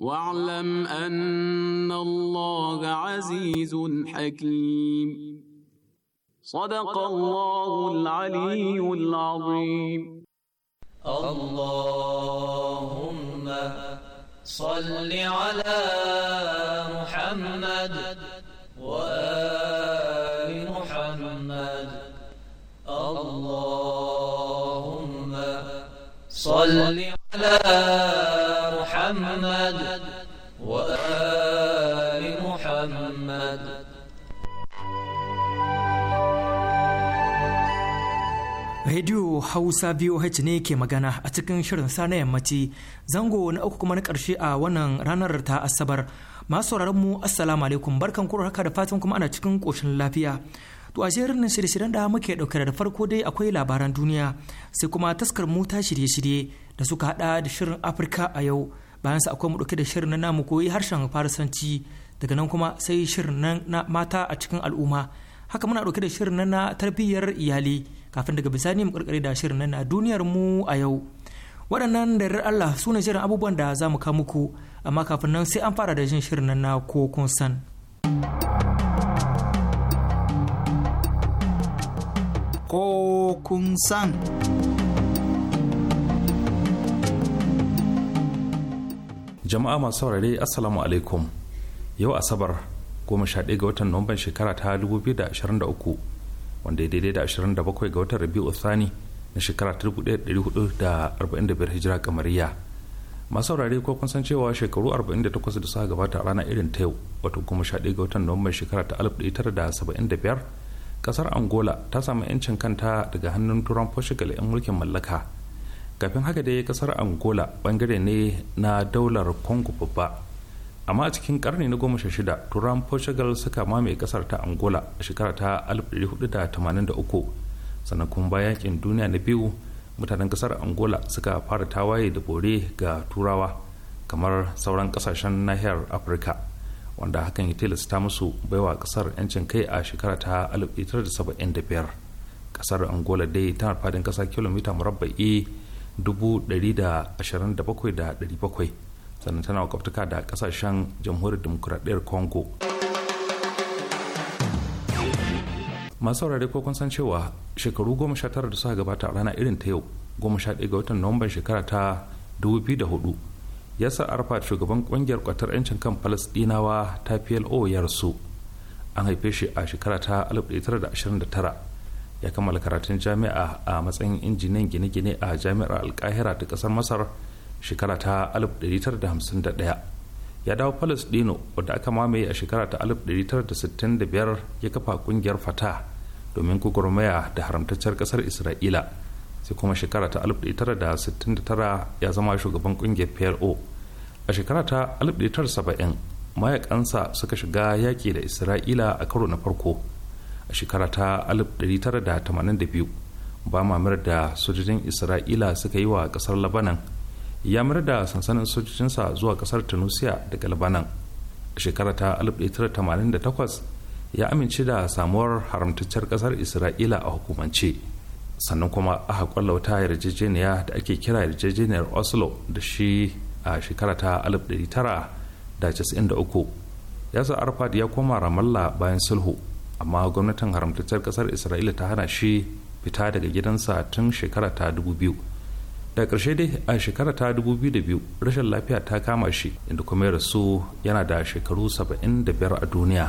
واعلم ان الله عزيز حكيم صدق الله العلي العظيم اللهم صل على محمد وال محمد اللهم صل على محمد وآل محمد Radio Hausa VOH ne ke magana a cikin shirin sa na yammaci zango na uku kuma na karshe a wannan ranar ta Asabar. Masu mu Assalamu alaikum barkan kuro haka da fatan kuma ana cikin ƙoshin lafiya. To a nan shirye-shiryen da muke ɗauke da farko dai akwai labaran duniya sai kuma taskar ta shirye-shirye da suka haɗa da shirin Afirka a yau. bayan sa akwai mu dauke da shirin na namu koyi harshen farisanci daga nan kuma sai shirin na mata a cikin al'umma haka muna dauke da shirin nan na tarbiyyar iyali kafin daga bisani mu karkare da shirin na duniyar mu a yau waɗannan da Allah su ne shirin abubuwan da za mu kawo muku amma kafin nan sai an fara da jin shirin nan na ko kun san ko kun san jama'a masu saurare assalamu alaikum yau asabar goma sha ga watan nuwamban shekara ta 2023 wanda ya daidai da 27 ga watan rabi'u thani na shekara ta 1445 hijira kamariya masu saurare ko kun san cewa shekaru 48 da suka gabata a ranar irin ta yau wato goma sha ga watan nuwamban shekara ta 1975 kasar angola ta samu 'yancin kanta daga hannun turan portugal 'yan mulkin mallaka kafin haka dai kasar angola bangare ne na daular congo babba amma a cikin karni na goma sha shida turan portugal suka mamaye kasar ta angola a shekara ta 1483 sannan kuma bayan yakin duniya na biyu mutanen kasar angola suka fara tawaye da bore ga turawa kamar sauran kasashen nahiyar afirka wanda hakan ya tilasta musu baiwa kasar yancin kai a shekara ta 1975 kasar angola dai tana fadin kasa kilomita murabba'i 127,700 sannan tana makwabtaka da kasashen jamhuriyar demokuraɗiyar congo masu saurare ko kun san cewa shekaru goma sha tara da suka gabata a rana irin ta yau goma sha ɗaya ga watan nuwamban shekara ta 2004 yasar arafat shugaban ƙungiyar kwatar 'yancin kan falasɗinawa ta plo ya rasu an haife shi a shekara ta 1929 ya kammala karatun jami'a a matsayin injiniyan gine-gine a jami'ar alkahira ta kasar masar shekara ta 1951 ya dawo dino wadda aka mamaye a shekara ta 1965 ya kafa kungiyar fata domin gugurmaya da haramtacciyar kasar isra'ila sai kuma shekara ta 1969 ya zama shugaban kungiyar plo a shekara ta 1970 mayakansa suka shiga yaƙi da isra'ila a karo na farko a shekara ta 1982 ba mamir da sojojin isra'ila suka yi wa kasar labanan ya mayar da sansanin sojojinsa zuwa kasar tunisia daga labanan a shekara ta 1988 ya amince da samuwar haramtacciyar kasar isra'ila a hukumance sannan kuma aka kwalla wata yarjejeniya da ake kira yarjejeniyar oslo da shi a shekara ta 1993 yasa arfad ya koma ramallah bayan sulhu amma gwamnatin haramtattar kasar isra'ila ta hana shi fita daga gidansa tun shekara ta 2000 da ƙarshe dai a shekara ta 2002 rashin lafiya ta kama shi inda kuma ya rasu yana da shekaru saba'in da biyar a duniya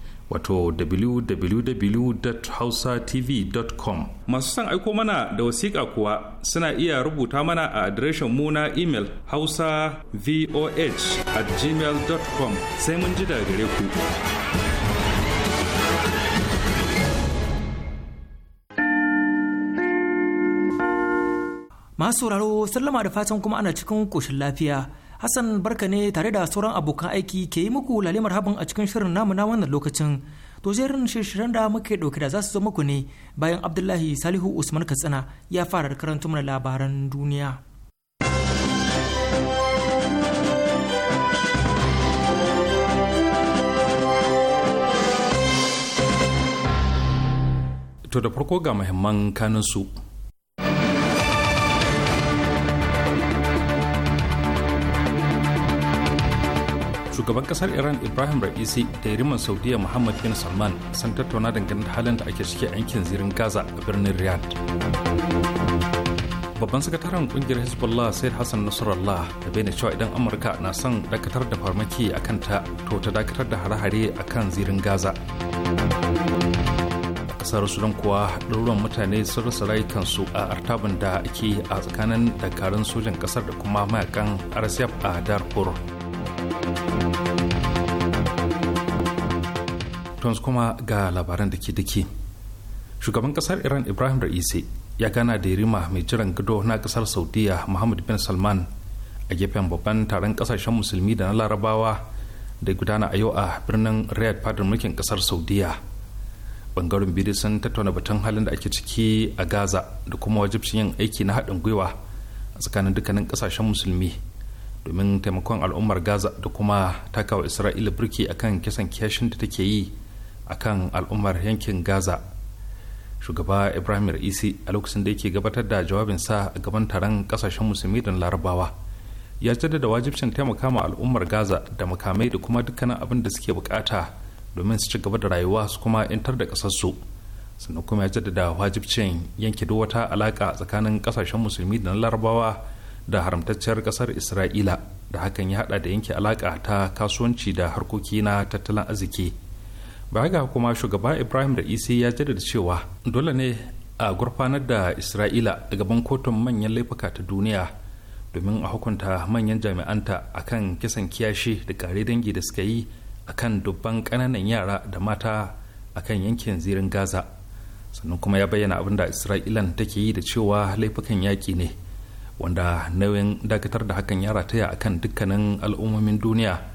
wato www.hausatv.com masu son aiko mana da wasiƙa kuwa suna iya rubuta mana a adireshin mu na imel hausa voh at gmail.com sai mun ji daga gare ku masu sauraro sallama da fatan kuma ana cikin koshin lafiya Hassan barka ne tare da sauran abokan aiki ke yi muku lalimar habin a cikin shirin namu na wannan lokacin. To jerin shirin da muke ɗauke da za su zo muku ne bayan Abdullahi Salihu Usman Katsina ya fara karanta mana labaran duniya. To da farko ga muhimman kanunsu. shugaban kasar iran ibrahim ra'isi da yariman saudiya muhammad bin salman sun tattauna dangane da halin da ake ciki a yankin zirin gaza a birnin riyadh babban sakataren kungiyar hezbollah said hassan nasrallah da bayyana cewa idan amurka na son dakatar da farmaki a kanta to ta dakatar da hare-hare a kan zirin gaza kasar sudan kuwa ɗaruruwan mutane sun rasa rayukansu a artaban da ake a tsakanin dakarun sojan kasar da kuma mayakan rsf a darfur yanzu kuma ga labaran da ke dake shugaban kasar iran ibrahim ra'isi ya gana da yarima mai jiran gado na kasar saudiya muhammad bin salman a gefen babban taron kasashen musulmi da na larabawa da gudana a yau a birnin riyadh fadar mulkin kasar saudiya bangaren biyu sun tattauna batun halin da ake ciki a gaza da kuma wajibcin yin aiki na haɗin gwiwa a tsakanin dukkanin kasashen musulmi domin taimakon al'ummar gaza da kuma takawa isra'ila birki akan kisan kyashin da take yi akan al'ummar yankin gaza shugaba ibrahim isi a lokacin da yake gabatar da jawabinsa a gaban taron kasashen musulmi da larabawa ya jaddada wajibcin taimaka ma al'ummar gaza da makamai da kuma dukkanin abin da suke bukata domin su ci gaba da rayuwa su kuma intar da kasarsu sannan kuma ya jaddada wajibcin yanke duk wata alaka tsakanin kasashen musulmi da larabawa da haramtacciyar kasar isra'ila da hakan ya hada da yanke alaka ta kasuwanci da harkoki na tattalin arziki baya ga kuma shugaba ibrahim da isi ya jaddada cewa dole ne a gurfanar da isra'ila a gaban kotun manyan laifuka ta duniya domin a hukunta manyan jami'anta akan kisan kiyashi da kare dangi da suka yi akan dubban ƙananan yara da mata akan yankin zirin gaza sannan kuma ya bayyana abin da isra'ilan take yi da cewa laifukan yaƙi ne wanda nauyin dakatar da hakan ya rataya akan dukkanin al'ummomin duniya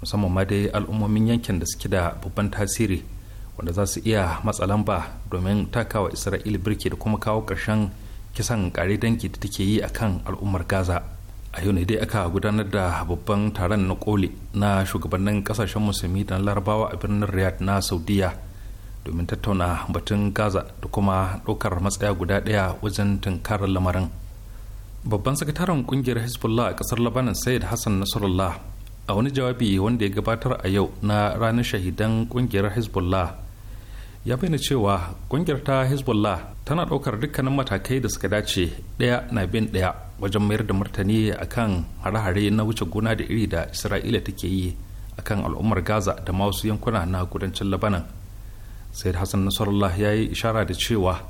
musamman ma dai al'ummomin yankin da suke da babban tasiri wanda za su iya matsa lamba domin takawa isra'ila birki da kuma kawo ƙarshen kisan kare dangi da take yi akan al'ummar gaza a yau ne dai aka gudanar da babban taron na koli na shugabannin kasashen musulmi da larabawa a birnin riyadh na saudiya domin tattauna batun gaza da kuma ɗaukar matsaya guda ɗaya wajen tunkarar lamarin babban sakataren kungiyar hezbollah a ƙasar labanin sayyid hassan nasarullah a wani jawabi wanda ya gabatar a yau na ranar shahidan kungiyar hezbollah ya bayyana cewa kungiyar ta hezbollah tana ɗaukar dukkanin matakai da suka dace ɗaya na bin ɗaya wajen mayar da martani akan hare-hare na wuce gona da iri da isra'ila take yi akan al'ummar gaza da masu yankuna na kudancin labanan sai da hassan nasarallah ya yi ishara da cewa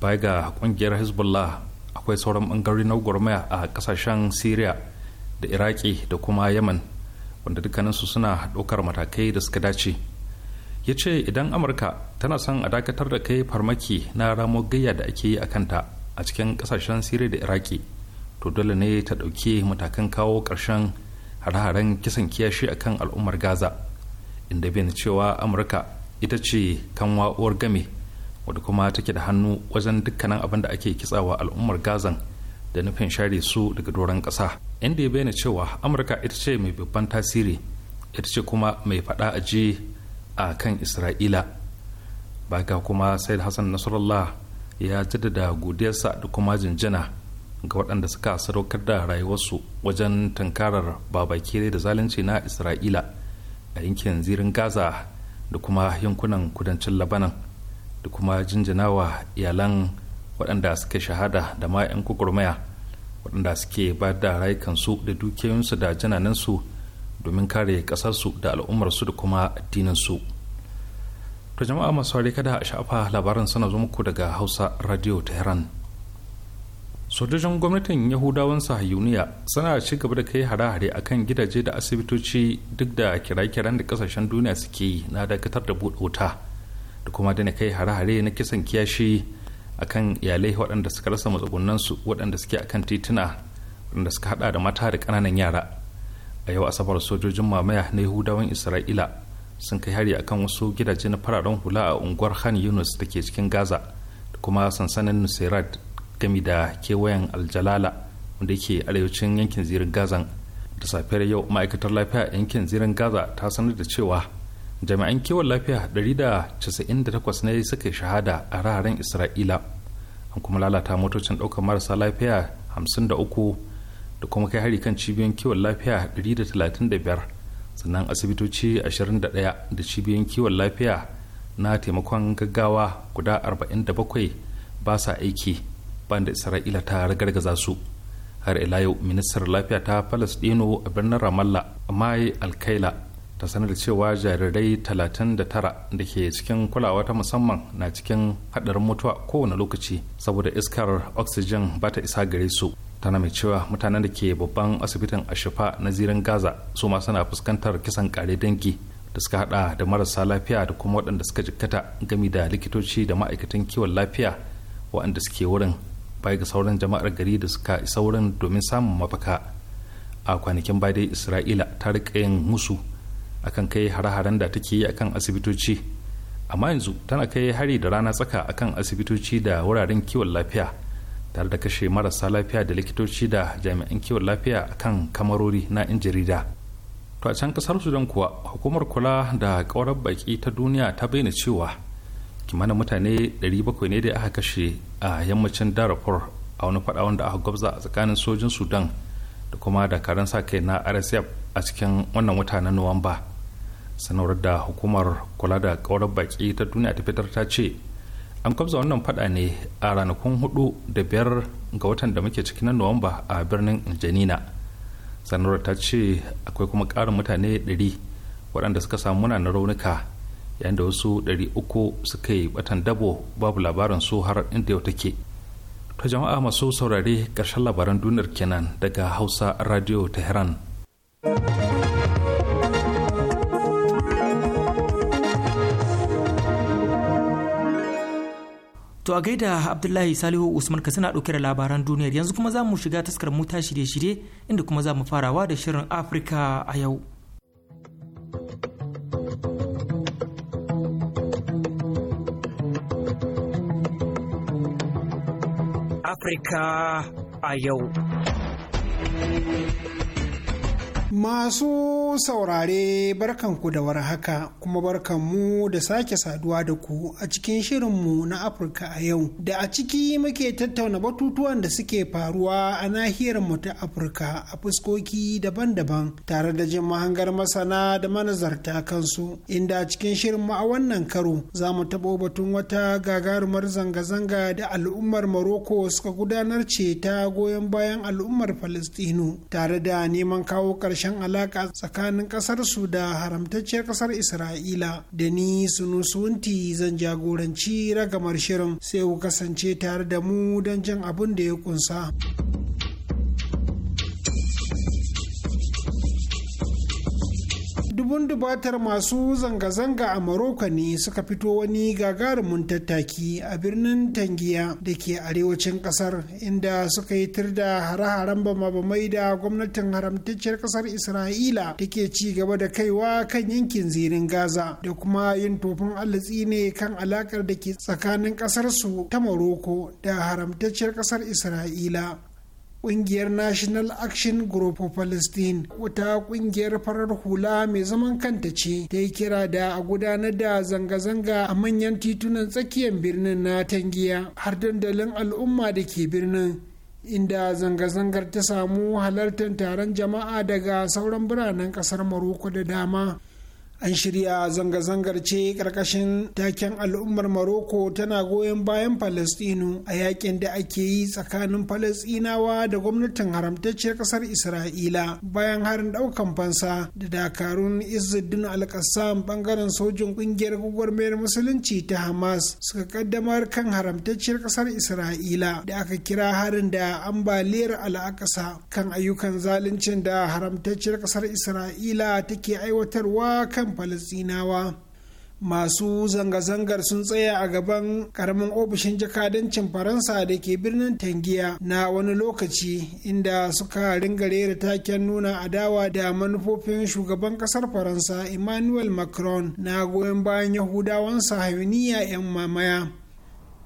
baya ga kungiyar hezbollah akwai sauran bangare na gwagwarmaya a kasashen syria da iraki da kuma yaman wanda dukkaninsu suna ɗaukar matakai da suka dace ya ce idan amurka tana son a dakatar da kai farmaki na ramo gayya da ake yi a kanta a cikin ƙasashen siriya da iraki to dole ne ta ɗauki matakan kawo ƙarshen hare-haren kisan kiyashi a kan al'ummar gaza inda bin cewa amurka ita ce kanwa uwar game wadda kuma take da hannu wajen dukkanin abin da ake kitsawa al'ummar gazan da nufin share su daga doron ƙasa inda ya bayyana cewa amurka ita ce mai babban tasiri ita ce kuma mai fada a ji a kan isra'ila baka kuma said hassan nasarallah ya jaddada godiyarsa da kuma jinjina ga waɗanda suka sadaukar da rayuwarsu wajen tankarar babakere da zalunci na isra'ila a yankin zirin gaza da kuma yankunan kudancin labanan da kuma jinjinawa iyalan waɗanda suka shahada da ma 'yan kukurmaya waɗanda suke ba da rayukansu da dukiyoyinsu da jinanansu domin kare ƙasarsu da al'ummarsu da kuma addininsu to jama'a masu saurari kada a sha'afa labarin suna zo muku daga hausa radio tehran sojojin gwamnatin yahudawan sahayuniya suna ci gaba da kai hare-hare a kan gidaje da asibitoci duk da kira-kiran da kasashen duniya suke yi na dakatar da buɗe wuta da kuma dana kai hare-hare na kisan kiyashi akan iyalai waɗanda suka rasa matsugunan su waɗanda suke kan tituna waɗanda suka haɗa da mata da ƙananan yara a yau asabar sojojin mamaya na yahudawan isra'ila sun kai hari akan wasu gidaje na fararen hula a unguwar han yunus da ke cikin gaza da kuma sansanin nusairat gami da kewayen aljalala wanda ke arewacin yankin zirin gazan da safiyar yau ma'aikatar lafiya a yankin zirin gaza ta sanar da cewa jami'an kiwon lafiya 198 ne suka shahada a raharen isra'ila an kuma lalata motocin ɗaukar marasa lafiya 53 da kuma kai hari kan cibiyoyin kiwon lafiya 135 sannan asibitoci 21 da cibiyoyin kiwon lafiya na taimakon gaggawa guda 47 ba sa aiki da isra'ila ta ragargaza su har ila yau ministar lafiya ta palestino a birnin ramallah mai alkaila ta sanar cewa jarirai 39 da ke cikin kulawa ta musamman na cikin haɗarin mutuwa kowane lokaci saboda iskar oxygen ba ta isa gare su tana mai cewa mutanen da ke babban asibitin ashifa na zirin gaza su ma suna fuskantar kisan kare dangi da suka hada da marasa lafiya da kuma waɗanda suka jikkata gami da likitoci da ma'aikatan kiwon lafiya waɗanda suke wurin bai ga sauran jama'ar gari da suka isa wurin domin samun mafaka a kwanakin baya dai isra'ila ta rika yin musu akan kai hare-haren da take yi akan asibitoci amma yanzu tana kai hari da rana tsaka akan asibitoci da wuraren kiwon lafiya tare da kashe marasa lafiya da likitoci da jami'an kiwon lafiya akan kamarori na 'yan jarida to a can kasar sudan kuwa hukumar kula da kawarar baki ta duniya ta bayyana cewa kimanin mutane 700 ne da aka kashe a yammacin darfur a wani fada wanda aka gwabza a tsakanin sojin sudan da kuma dakarun sa kai na rsf a cikin wannan wata na nuwamba sanar da hukumar kula da kawar baki ta duniya ta fitar ta ce an kwabza wannan fada ne a ranakun hudu da biyar ga watan da muke cikin nuwamba a birnin janina sanar ta ce akwai kuma karin mutane 100 waɗanda suka samu na raunuka yayin da wasu 300 suka yi batan dabo babu labarin su har inda yau take ta jama'a masu saurare ƙarshen labaran duniyar kenan daga hausa radio ta thank To a gaida Abdullahi Salihu Usman ka suna ɗauke da labaran duniyar yanzu kuma za mu shiga taskar mota shirye-shirye inda kuma za mu farawa da shirin Afirka a yau. Afirka a yau. Masu saurare barkanku da haka kuma barkanmu da sake saduwa da ku a cikin shirin mu na Afirka a yau da a ciki muke tattauna batutuwan da suke faruwa a nahiyar mu ta Afirka a fuskoki daban-daban tare da jin mahangar masana da manazarta kansu inda a cikin mu a wannan karo za mu taɓo batun wata gagarumar zanga-zanga da al'ummar Maroko suka gudanar ce ta goyon bayan al'ummar Palestino tare da neman kawo ƙarshen ƙarshen alaƙa tsakanin ƙasarsu da haramtacciyar ƙasar isra'ila da ni sunusunti zan jagoranci ragamar shirin sai ku kasance tare da mu don jin abin da ya kunsa. dubun dubatar masu zanga-zanga a Maroko ne suka fito wani gagarumin tattaki a birnin Tangiya da ke arewacin kasar inda suka yi tir da hare-haren bama-bamai da gwamnatin haramtacciyar kasar Isra'ila da ke ci gaba da kaiwa kan yankin zirin Gaza da kuma yin tofin allatsi ne kan alakar da ke tsakanin kasar su ta Maroko da haramtacciyar kasar Isra'ila. Ƙungiyar National Action Group of Palestine wata ƙungiyar farar hula mai zaman kanta ce ta yi kira da a gudanar da zanga-zanga a manyan titunan tsakiyar birnin na Tangiya har dandalin al'umma da ke birnin. inda zanga-zangar ta samu halartar taron jama'a daga sauran biranen ƙasar maroko da dama an shirya zanga-zangar ce ƙarƙashin taken al'ummar maroko tana goyon bayan palestinu a yakin da ake yi tsakanin palestinawa da gwamnatin haramtacciyar ƙasar isra'ila bayan harin ɗaukan fansa da dakarun izzuddin alƙassam ɓangaren sojin ƙungiyar gwagwarmayar musulunci ta hamas suka ƙaddamar kan haramtacciyar ƙasar isra'ila da aka kira harin da ambaliyar al'akasa kan ayyukan zaluncin da haramtacciyar ƙasar isra'ila take aiwatarwa kan falasinawa masu zanga-zangar sun tsaya a gaban karamin ofishin jakadancin faransa da ke birnin tangiya na wani lokaci inda suka ringa raira taken nuna adawa da manufofin shugaban kasar faransa emmanuel macron na goyon bayan yahudawan sahayuniya 'yan mamaya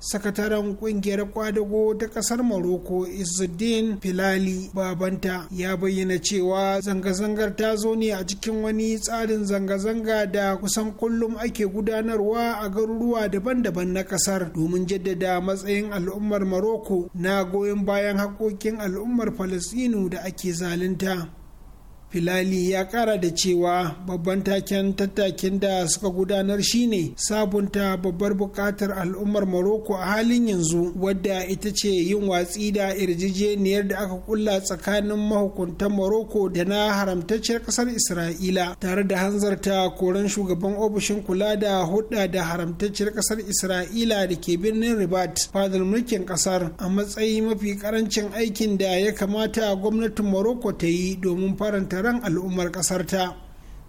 sakataren kungiyar kwadago ta kasar maroko izzuddin filali babanta ya bayyana cewa zanga-zangar ta zo ne a cikin wani tsarin zanga-zanga da kusan kullum ake gudanarwa a garuruwa daban-daban na kasar domin jaddada matsayin al'ummar maroko na goyon bayan haƙoƙin al'ummar falasinu da ake zalunta Filali ya kara da cewa babban taken tattakin da suka gudanar shine sabunta babbar bukatar al'ummar Morocco a halin yanzu wadda ita ce yin watsi da yarjejeniyar da aka kulla tsakanin mahukuntar Morocco da na haramtacciyar kasar Isra'ila tare da hanzarta koran shugaban ofishin kula da hudda da haramtacciyar kasar Isra'ila da ke birnin Ribat fadar mulkin kasar a matsayi mafi karancin aikin da ya kamata gwamnatin Morocco ta yi domin faranta ran al'ummar ƙasarta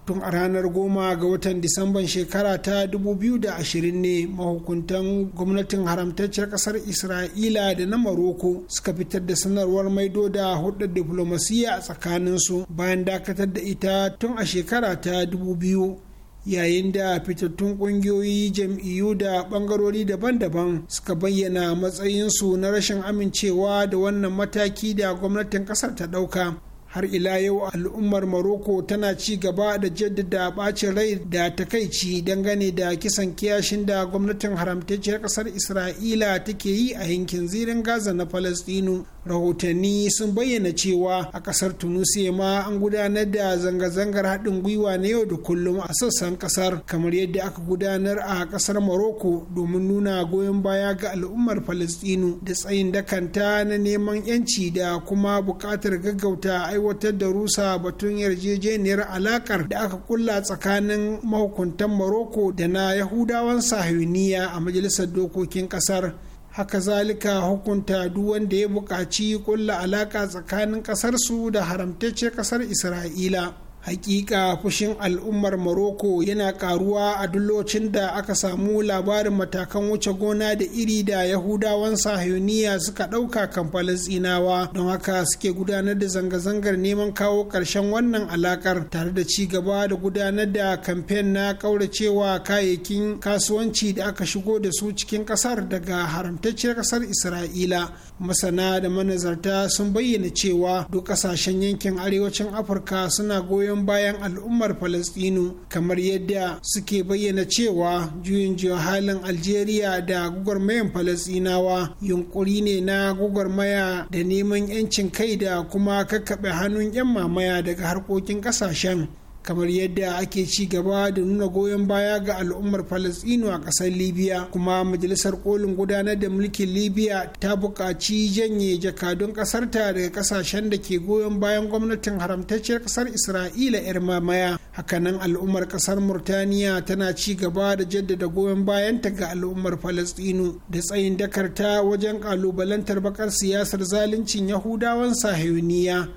tun a ranar goma ga watan disamban shekara ta 2020 ne mahukuntan gwamnatin haramtacciyar ƙasar isra'ila da na maroko suka fitar da sanarwar maido da hudar diflomasiyya a tsakaninsu bayan dakatar da ita tun a shekara ta 2000 yayin da fitattun kungiyoyi jam'iyyu da bangarori daban-daban suka bayyana matsayinsu na rashin amincewa da wannan mataki da gwamnatin kasar ta ɗauka har ila yau al'ummar maroko tana ci gaba da jaddada bacin rai da takaici dangane da kisan kiyashin da gwamnatin haramtacciyar kasar isra'ila take yi a yankin zirin gaza na falastinu rahotanni sun bayyana cewa a kasar tunisia ma an gudanar da zanga-zangar haɗin gwiwa na yau da kullum a sassan kasar kamar yadda aka gudanar a kasar morocco domin nuna goyon baya ga al'ummar palestinu da tsayin dakanta na neman yanci da kuma buƙatar gaggauta aiwatar da rusa batun yarjejeniyar alakar da aka kulla tsakanin mahukuntan morocco da na yahudawan sahiyuniya a majalisar dokokin kasar haka zalika hukunta duk wanda ya buƙaci kulla alaƙa tsakanin ƙasarsu da haramtacce ƙasar isra'ila hakika fushin al'ummar Morocco yana karuwa a duk lokacin da aka samu labarin matakan wuce gona da iri da yahudawan sahiyoniya suka ɗauka kan falasinawa don haka suke gudanar da zanga-zangar neman kawo ƙarshen wannan alakar tare da ci gaba da gudanar da kamfen na ƙauracewa kayayyakin kasuwanci da aka shigo da su cikin ƙasar daga haramtacciyar ƙasar isra'ila masana da manazarta sun bayyana cewa duk ƙasashen yankin arewacin afirka suna goyon goyon bayan al'ummar falastinu kamar yadda suke bayyana cewa juyin halin algeria da gwagwarmayan falastinawa yunkuri ne na gwagwarmaya da neman 'yancin kai da kuma kakkaɓe hannun 'yan mamaya daga harkokin ƙasashen kamar yadda ake ci gaba da nuna goyon baya ga al'ummar falasɗinu a ƙasar libya kuma majalisar kolin gudanar da mulkin libya ta buƙaci janye jakadun ƙasarta daga ƙasashen da ke goyon bayan gwamnatin haramtacciyar ƙasar isra'ila 'yar mamaya hakanan al'ummar ƙasar murtaniya tana ci gaba da jaddada goyon bayanta ga al'ummar falasɗinu da tsayin dakarta wajen ƙalubalantar baƙar siyasar zaluncin yahudawan sahiyuniya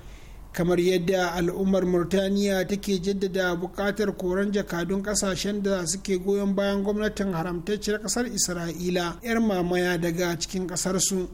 kamar yadda al'ummar murtaniya take jaddada buƙatar koran jakadun ƙasashen da suke goyon bayan gwamnatin haramtacciyar ƙasar isra'ila 'yar mamaya daga cikin ƙasarsu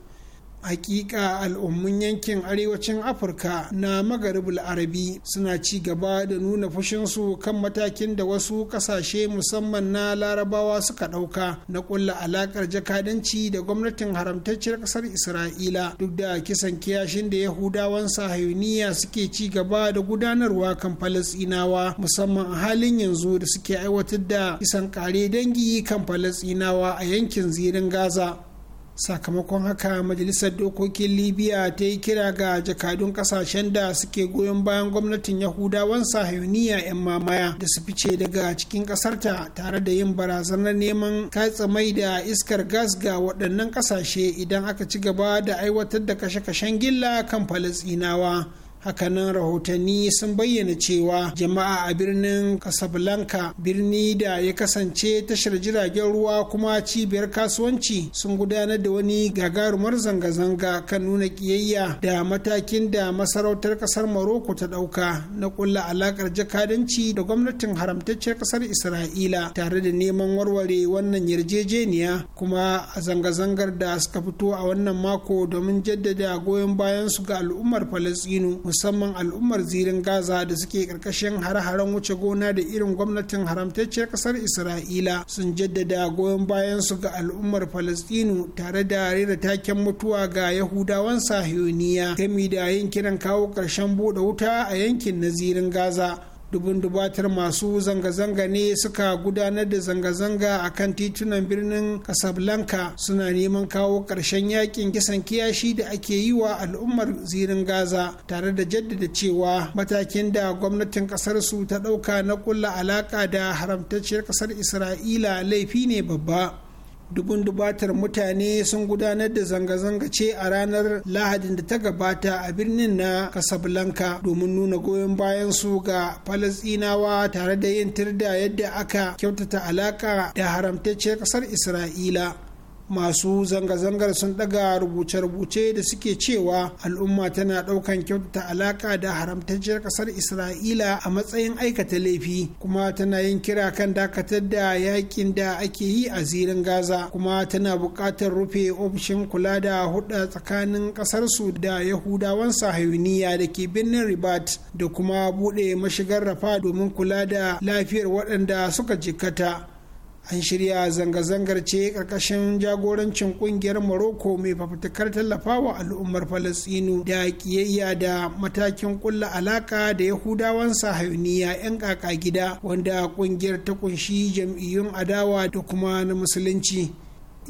hakika al'ummun yankin arewacin afirka na magaribul arabi suna ci gaba da nuna fushinsu kan matakin da wasu kasashe musamman na larabawa suka ɗauka na ƙulla alaƙar jakadanci da gwamnatin haramtacciyar ƙasar isra'ila duk da kisan kiyashin da yahudawan sahayuniya suke ci gaba da gudanarwa kan falasinawa musamman a halin yanzu da suke aiwatar da kisan kare dangi kan falasinawa a yankin zirin gaza sakamakon haka majalisar dokokin libya ta yi kira ga jakadun kasashen da suke goyon bayan gwamnatin yahudawan sahuniya 'yan mamaya da su fice daga cikin kasarta tare da yin barazanar neman katsa mai da iskar gas ga waɗannan kasashe idan aka ci gaba da aiwatar da kashe-kashen gilla kan falasinawa hakanan rahotanni sun bayyana cewa jama'a a birnin casablanca birni da ya kasance tashar jiragen ruwa kuma cibiyar kasuwanci sun gudanar da wani gagarumar zanga-zanga kan nuna kiyayya da matakin da masarautar kasar maroko ta dauka na kulla alakar jakadanci da gwamnatin haramtaccen kasar isra'ila tare da neman warware wannan yarjejeniya kuma a zanga-zangar da suka fito a wannan mako domin jaddada goyon bayan su ga al'ummar falastinu musamman al'ummar zirin gaza da suke karkashin hare-haren wuce gona da irin gwamnatin haramtacciyar kasar isra'ila sun jaddada goyon bayan su ga al'ummar falastinu tare da rera taken mutuwa ga yahudawan sahiyoniya gami da yin kiran kawo ƙarshen buɗe wuta a yankin na zirin gaza dubun dubatar masu zanga-zanga ne suka gudanar da zanga-zanga a kan titunan birnin casablanca suna neman kawo ƙarshen yakin kisan kiyashi da ake yi wa al'ummar zirin gaza tare da jaddada cewa matakin da gwamnatin ƙasar su ta ɗauka na ƙulla alaƙa da haramtacciyar ƙasar isra'ila laifi ne babba dubun dubatar mutane sun gudanar da zanga-zanga ce a ranar lahadin da ta gabata a birnin na kasablanka domin nuna goyon bayan su ga falasinawa tare da yin tirda yadda aka kyautata alaka da haramtacciyar kasar isra'ila masu zanga-zangar sun daga rubuce-rubuce da suke cewa al'umma tana daukan kyautata alaka da haramtacciyar kasar isra'ila a matsayin aikata laifi kuma tana yin kira kan dakatar da yakin da ake yi a zirin gaza kuma tana buƙatar rufe ofishin kula da huɗa tsakanin su da yahudawan sahayuniya da ke birnin ribat da kuma bude mashigar rafa domin kula da lafiyar waɗanda suka jikkata an shirya zanga-zangar ce ƙarƙashin jagorancin ƙungiyar morocco mai fafutukar tallafawa al'ummar falasinu da ƙiyayya da matakin ƙulla alaƙa da yahudawan sahayuniya 'yan ƙaƙa gida wanda ƙungiyar ta ƙunshi jam'iyyun adawa da kuma na musulunci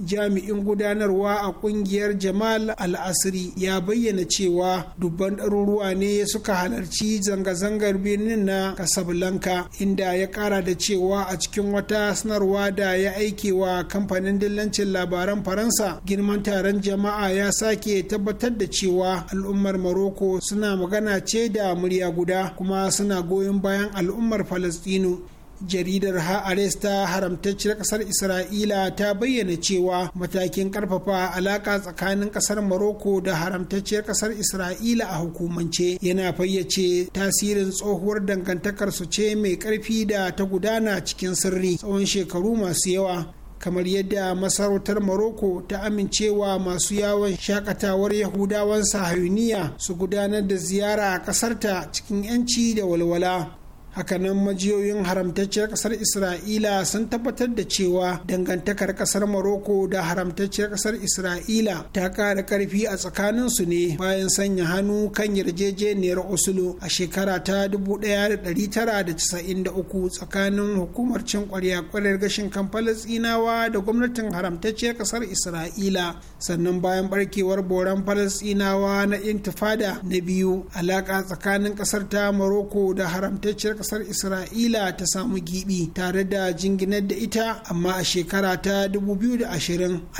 jami'in gudanarwa a kungiyar jamal al'asiri ya bayyana cewa dubban ɗaruruwa ne suka halarci zanga-zangar birnin na casablanca inda ya kara da cewa a cikin wata sanarwa da ya aike wa kamfanin dillancin labaran faransa girman taron jama'a ya sake tabbatar da cewa al'ummar maroko suna magana ce da murya guda kuma suna goyon bayan al'ummar falastinu jaridar ha'ares ta haramtacciyar kasar isra'ila ta bayyana cewa matakin karfafa alaka tsakanin kasar maroko da haramtacciyar kasar isra'ila a hukumance yana fayyace tasirin tsohuwar dangantakar su ce mai karfi da ta gudana cikin sirri tsawon shekaru masu yawa kamar yadda masarautar maroko ta amincewa masu yawon shakatawar Yahudawan sahayuniya su gudanar da ziyara a ƙasarta cikin 'yanci da walwala. hakanan majiyoyin haramtacciyar kasar isra'ila sun tabbatar da cewa dangantakar kasar maroko da haramtacciyar kasar isra'ila ta ƙara ƙarfi a tsakanin su ne bayan sanya hannu kan yarjejeniyar oslo a shekara ta 1993 tsakanin hukumar cin ƙwarya ƙwarar gashin kan Falasinawa da gwamnatin haramtacciyar kasar isra'ila sannan bayan barkewar boran falasɗinawa na intifada na biyu alaƙa tsakanin kasar ta maroko da haramtacciyar kasar isra'ila ta samu gibi tare da jinginar da ita amma a shekara ta 2020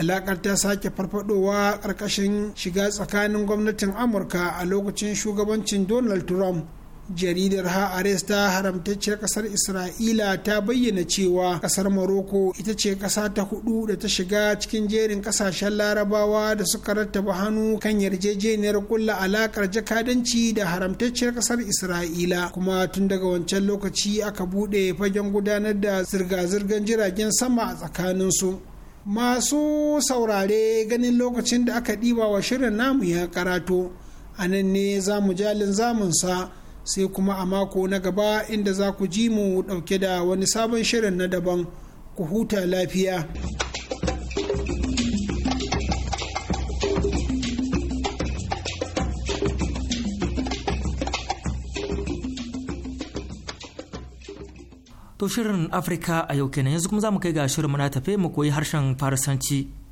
alakar ta sake farfadowa karkashin shiga tsakanin gwamnatin amurka a lokacin shugabancin donald trump jaridar ha'ares ta haramtacciyar kasar isra'ila ta bayyana cewa kasar morocco ita ce kasa ta hudu da ta shiga cikin jerin kasashen larabawa da suka rattaba hannu kan yarjejeniyar kulla alakar jakadanci da haramtacciyar kasar isra'ila kuma tun daga wancan lokaci aka bude fagen gudanar da zirga-zirgar jiragen sama a tsakanin su masu saurare ganin lokacin da aka ɗiba wa shirin namu ya karato a nan ne za jalin zamunsa sai kuma a mako na gaba inda za ku ji mu ɗauke da wani sabon shirin na daban ku huta lafiya. To shirin Afirka a yau kenan yanzu kuma za mu kai ga shirin muna tafe mu koyi harshen Farisanci.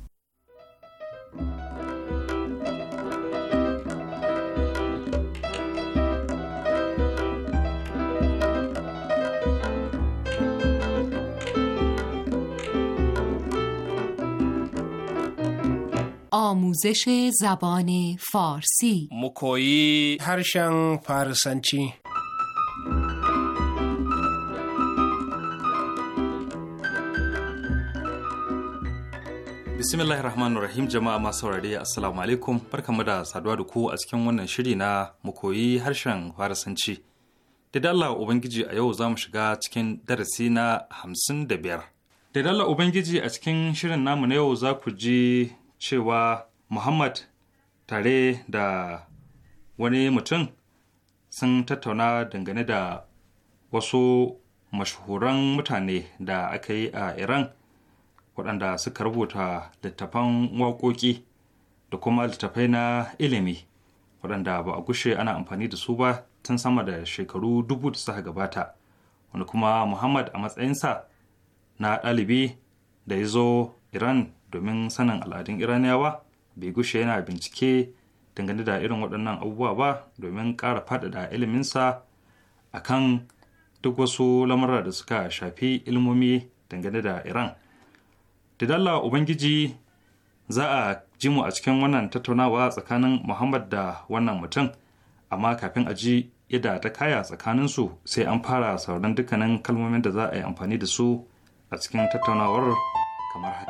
آموزش زبان فارسی مکویی هرشن فارسنچی bismillah rahman rahim jama'a masu saurare assalamu alaikum barkamu da saduwa da ku a cikin wannan shiri na mu koyi harshen farasanci da Allah ubangiji a yau za mu shiga cikin darasi na hamsin da biyar da dala ubangiji a cikin shirin namu na yau za ku ji cewa Muhammad tare da wani mutum sun tattauna dangane da wasu mashhuran mutane da aka yi a Iran waɗanda suka rubuta littafan waƙoƙi da kuma littafai na ilimi waɗanda ba a gushe ana amfani da su ba tun sama da shekaru dubu da suka gabata wani kuma Muhammad a matsayinsa na ɗalibi da ya zo Iran domin sanin al'adun iraniyawa bai gushe yana bincike dangane da irin waɗannan abubuwa ba domin ƙara faɗaɗa iliminsa a kan duk wasu lamura da suka shafi ilmomi dangane da iran da dalla ubangiji za a ji mu a cikin wannan tattaunawa tsakanin muhammad da wannan mutum amma kafin a ji yadda ta kaya tsakaninsu sai an fara sauran dukkanin kalmomin da za a yi amfani da su a cikin tattaunawar kamar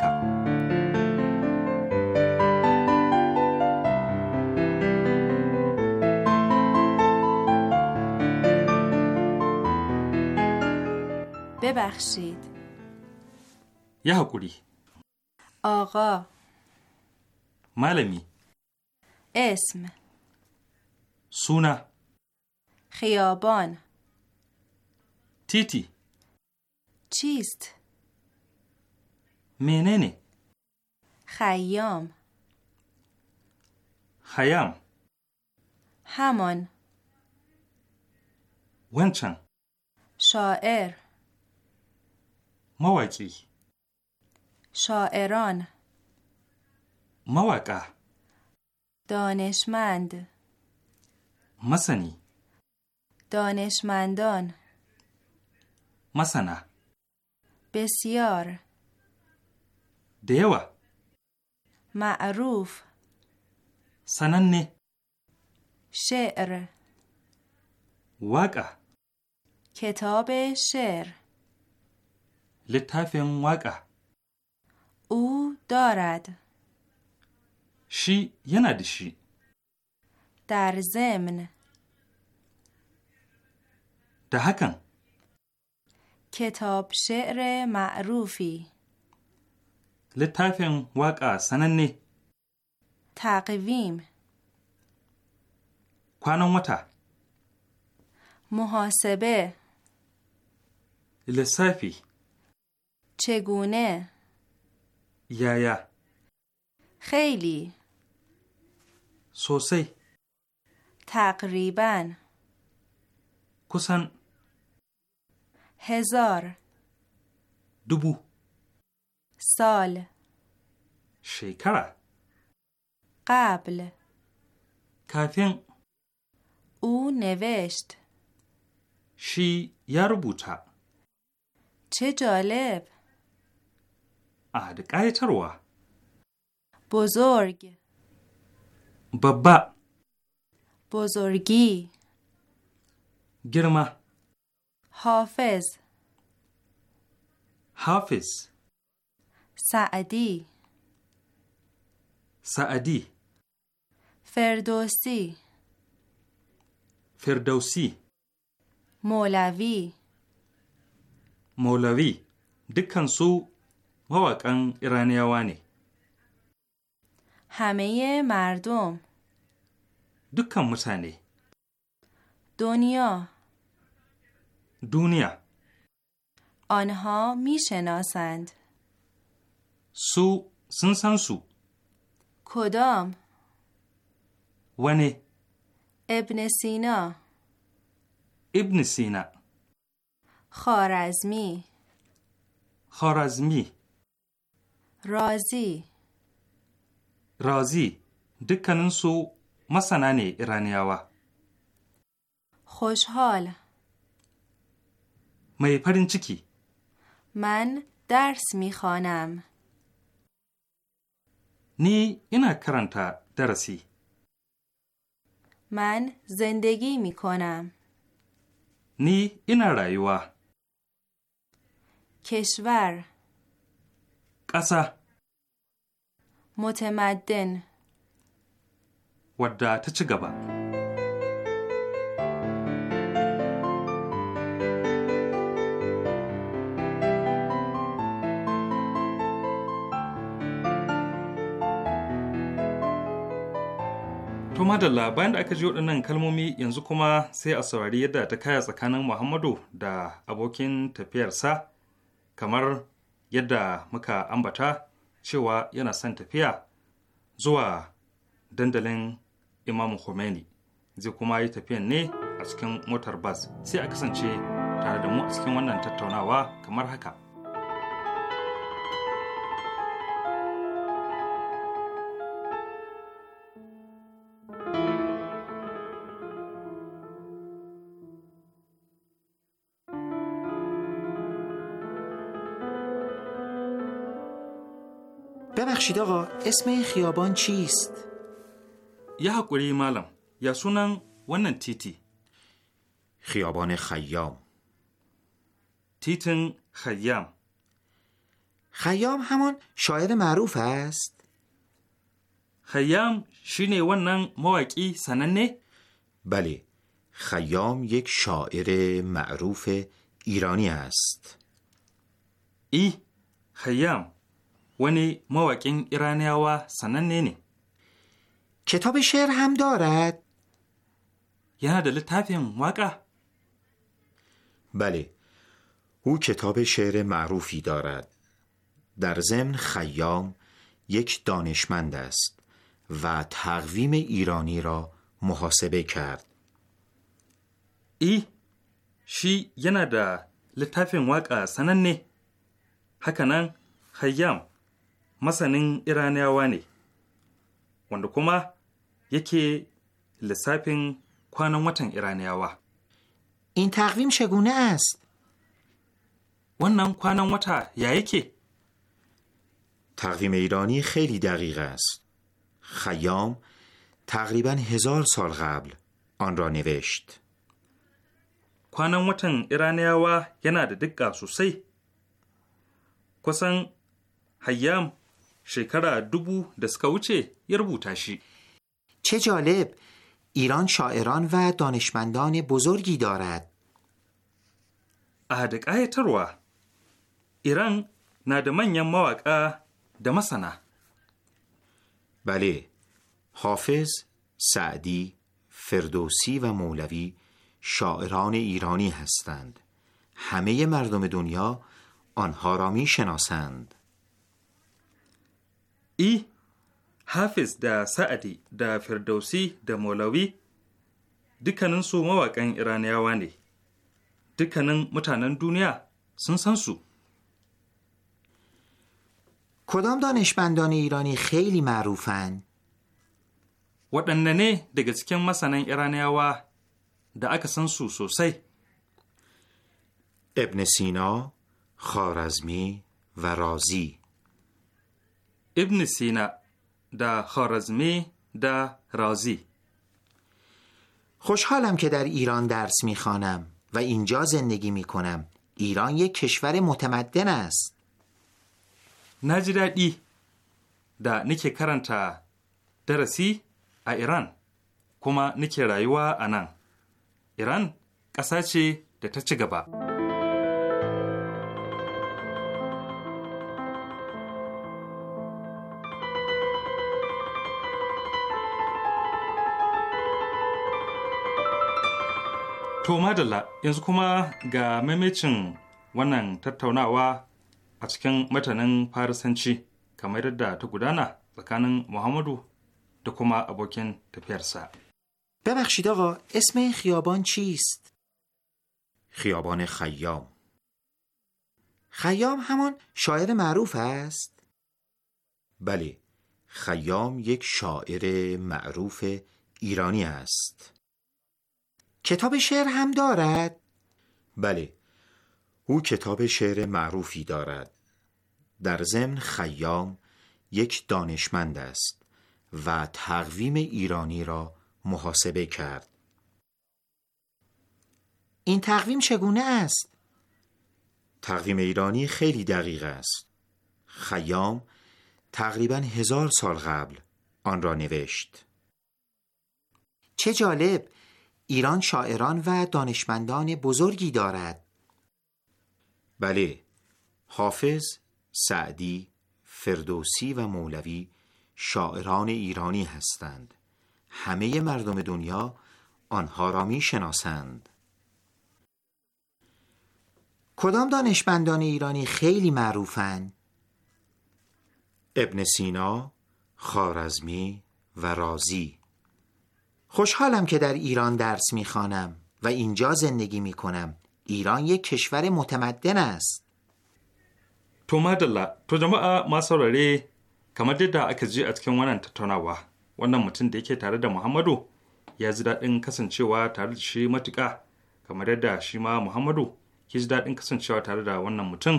ببخشید یه حکوری آقا ملمی اسم سونا خیابان تیتی چیست؟ مننه خیام خیام همان ونچن شاعر مواکی شاعران موقع دانشمند مسنی دانشمندان مسنا بسیار da yawa ma'aruf sananne she'er waƙa ketobe she'er littafin waƙa u dorad shi yana da shi dar zemin da hakan کتاب شعر ma'arufi. littafin waƙa sananne تقویم کانو wata محاسبه lissafi چگونه یایا خیلی سوسی تقریبا کسن هزار دوبو سال شکر قبل کافین او نوشت شی یا روبوتا چه جالب تروا بزرگ بابا بزرگی گرما حافظ حافظ سعدی سعدی فردوسی فردوسی مولوی مولوی سو، سو Iraniyawa همه مردم دکان مسانی دنیا دنیا آنها میشناسند su sun san su. Kodam. Wani? Ibn Sina. Ibn Sina. Khwarazmi. Khwarazmi. Razi. Razi, dukkaninsu masana ne Iraniyawa. Khoshhal. Mai farin ciki. Man درس می ni ina karanta darasi. Man zendegi mikonam. Ni ina rayuwa. Keshwar. Ƙasa. Motemadden. Wadda ta ci gaba. To madalla bayan da aka ji waɗannan kalmomi yanzu kuma sai a saurari yadda ta kaya tsakanin Muhammadu da abokin tafiyarsa kamar yadda muka ambata cewa yana son tafiya zuwa dandalin Imam Khomeini zai kuma yi tafiyan ne a cikin motar bas sai a kasance tare da mu a cikin wannan tattaunawa kamar haka. ببخشید آقا اسم این خیابان چیست؟ یه حقوری مالم یا سونن ونن تیتی خیابان خیام تیتن خیام خیام همان شاعر معروف است خیام شینه ونن موکی سننه؟ بله خیام یک شاعر معروف ایرانی است ای خیام ونی مواکین و سنن نه کتاب شعر هم دارد یه دل تفیم واقع بله او کتاب شعر معروفی دارد در ضمن خیام یک دانشمند است و تقویم ایرانی را محاسبه کرد ای شی یه نده واقع سنن نه hakanan خیام masanin iraniyawa ne wanda kuma yake lissafin kwanan watan iraniyawa In تقویم چگونه است؟ wannan kwanan wata ya yake? تقویم ایرانی خیلی دقیق است. خیام تقریبا هزار سال قبل آن را kwanan watan iraniyawa yana da dukka sosai kusan hayyam شکر دوبو دسکاوچه یه چه جالب ایران شاعران و دانشمندان بزرگی دارد اهدک آه تروا ایران نادمان یا مواقع دمسنه بله حافظ سعدی فردوسی و مولوی شاعران ایرانی هستند همه مردم دنیا آنها را می شناسند E, hafiz da sa'adi da firdausi da molawi dukkaninsu mawaƙan iraniyawa ne dukkanin mutanen duniya sun san su کدام دانشمندان ایرانی خیلی marufan. waɗanne ne daga cikin masanan iraniyawa da aka san su sosai ابن سینا خارزمی و رازی ابن سینا دا خارزمی دا رازی خوشحالم که در ایران درس میخوانم و اینجا زندگی میکنم ایران یک کشور متمدن است نجردی دا نکه کرنته درسی ایران کما نکه رایوا انان ایران قصه چه da ta To madalla yanzu kuma ga maimacin wannan tattaunawa a cikin matanin Farisanci kamar yadda ta gudana tsakanin Muhammadu da kuma abokin tafiyarsa. ببخشید آقا اسم این خیابان چیست؟ خیابان خیام خیام همان شاعر معروف است؟ بله خیام یک شاعر معروف ایرانی است کتاب شعر هم دارد؟ بله او کتاب شعر معروفی دارد در ضمن خیام یک دانشمند است و تقویم ایرانی را محاسبه کرد این تقویم چگونه است؟ تقویم ایرانی خیلی دقیق است خیام تقریبا هزار سال قبل آن را نوشت چه جالب ایران شاعران و دانشمندان بزرگی دارد بله حافظ، سعدی، فردوسی و مولوی شاعران ایرانی هستند همه مردم دنیا آنها را می شناسند کدام دانشمندان ایرانی خیلی معروفند؟ ابن سینا، خارزمی و رازی خوشحالم که در ایران درس میخوانم و اینجا زندگی میکنم ایران یک کشور متمدن است تو مدلا تو جماعه kamar yadda aka je a cikin wannan tattaunawa wannan mutum da yake tare da muhammadu ya ji daɗin kasancewa tare da shi matuƙa kamar yadda shi ma muhammadu ya ji daɗin kasancewa tare da wannan mutum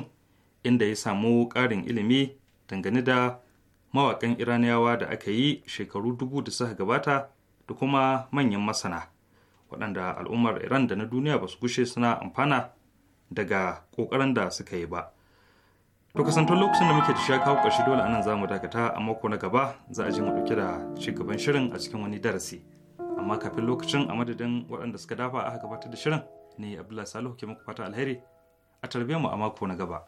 inda ya samu ƙarin ilimi dangane da mawaƙan iraniyawa da aka yi shekaru dubu da suka gabata da kuma manyan masana waɗanda al'ummar iran da na duniya ba su gushe suna amfana daga ƙoƙarin da suka yi ba to kasantar lokacin da muke da sha kawo ƙarshe dole anan za mu dakata a mako na gaba za a ji mu ɗauke da shugaban shirin a cikin wani darasi amma kafin lokacin a madadin waɗanda suka dafa aka gabatar da shirin ne abdullahi salihu ke muku fata alheri a tarbiyyar mu a mako na gaba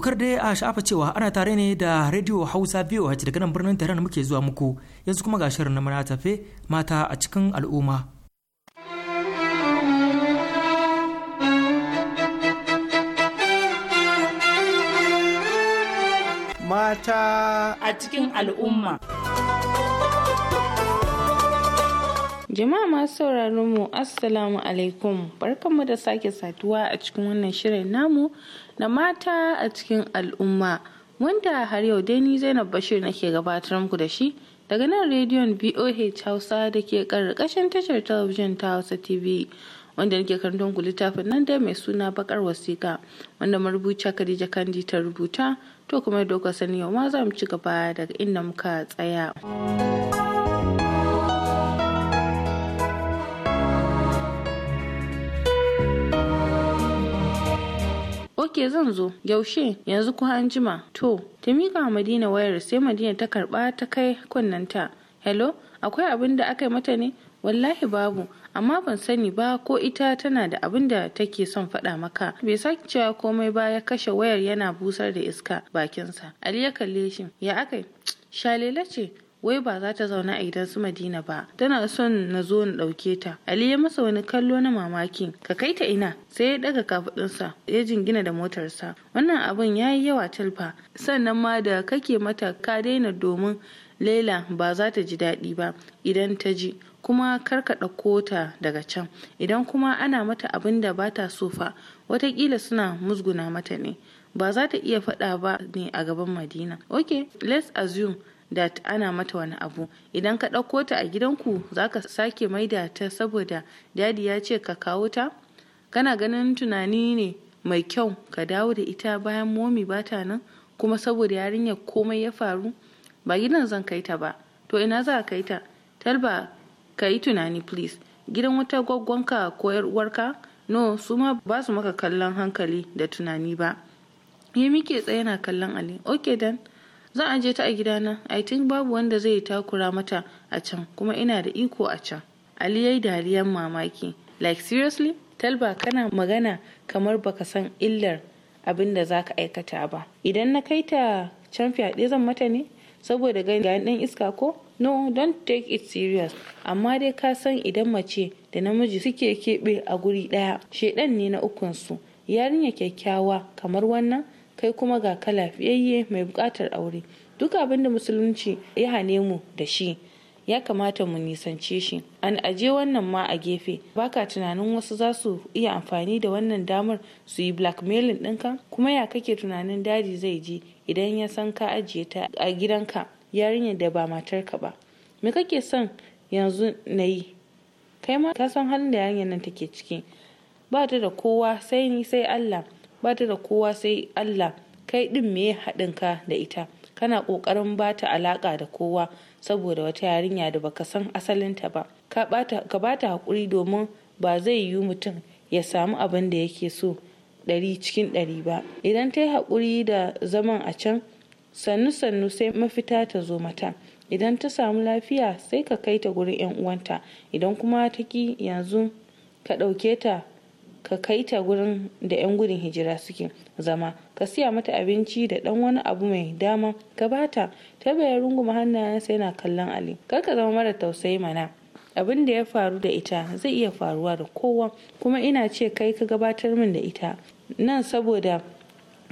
kar dai a sha'afa cewa ana tare ne da radio hausa voh daga nan birnin tehran muke zuwa muku yanzu kuma ga shirin na mana tafe mata a cikin al'umma mata a cikin al'umma Jama'a masu sauraron mu Assalamu alaikum barkanmu da sake saduwa a cikin wannan shirin namu na mata a cikin al'umma wanda har yau dai ni Zainab Bashir nake gabatar muku da shi daga nan rediyon BOH Hausa da ke karkashin tashar talabijin ta Hausa TV wanda nake karantar ku littafin nan dai mai suna bakar wasiƙa wanda marubuciya Khadija Kandi ta rubuta to kuma doka sani yau ma za mu ci gaba daga inda muka tsaya. oke zan zo yaushe yanzu ku an jima to ta miƙa madina wayar sai madina ta karba ta kai kunnanta hello akwai abin da aka yi mata ne wallahi babu amma ban sani ba ko ita tana da abin da take son faɗa maka bai sake cewa komai ba ya kashe wayar yana busar da iska bakinsa ali ya kalle shi ya aka shalela ce wai ba za ta zauna a gidan su Madina ba tana son na zo na ɗauke ta Ali ya masa wani kallo na mamaki ka kai ta ina sai ya daga kafadunsa ya jingina da motarsa wannan abun ya yi yawa talfa sannan ma da kake mata ka daina domin Laila ba za ta ji daɗi ba idan ta ji kuma kar ka ɗauko ta daga can idan kuma ana mata abin da ba ta so fa watakila suna musguna mata ne ba za ta iya faɗa ba ne a gaban madina ok let's assume da ana mata wani abu idan ka ɗauko ta a gidanku za ka sake maida ta saboda dadi ya ce ka kawo ta kana ganin tunani ne mai kyau ka dawo da ita bayan momi ba ta nan kuma saboda yarinyar komai ya faru ba gidan zan kai ta ba to ina za ka kai ta talba ka yi tunani please gidan wata gwaggwanka ko uwarka no su ma ba su maka kallon hankali da tunani ba ya mike tsaye na kallon ali ok dan zan je ta a gidana i think babu wanda zai takura mata a can kuma ina da iko a can ali yayi dariyan mamaki like seriously talba kana magana kamar baka san illar abin da za ka aikata ba idan na kai ta can fyaɗe zan mata ne saboda gani ɗan iska ko no don't take it serious amma dai ka san idan mace da namiji suke keɓe a guri ɗaya shedan ne na ukunsu yarinya kyakkyawa kamar wannan kai kuma ga ka lafiyayye mai buƙatar aure duk abin da musulunci ya hane mu da shi ya kamata mu nisance shi an aje wannan ma a gefe baka tunanin wasu za su iya amfani da wannan damar su yi blackmailing ɗinka kuma ya kake tunanin dadi zai ji idan ya san ka ajiye ta a gidanka yarinyar da ba matarka ba me kake son yanzu na yi kai ma ka san halin da yarinyar nan take ciki ba ta da kowa sai ni sai allah ba da kowa sai Allah kai din me haɗin ka da ita kana ƙoƙarin ba ta alaƙa da kowa saboda wata yarinya da baka san asalinta ba ka ba ta haƙuri domin ba zai yiwu mutum ya samu abin da yake so ɗari cikin ɗari ba idan ta yi haƙuri da zaman a can sannu sannu sai mafita ta zo mata idan ta samu lafiya sai ka kai ta gurin 'yan uwanta idan kuma ta ki yanzu ka ɗauke ta ka kai ta gurin da 'yan gudun hijira suke zama ka siya mata abinci da dan wani abu mai dama ka bata ta bayan runguma hannayensa yana kallon ali kar ka zama mara tausayi mana abin da ya faru da ita zai iya faruwa da kowa kuma ina ce kai ka gabatar min da ita nan saboda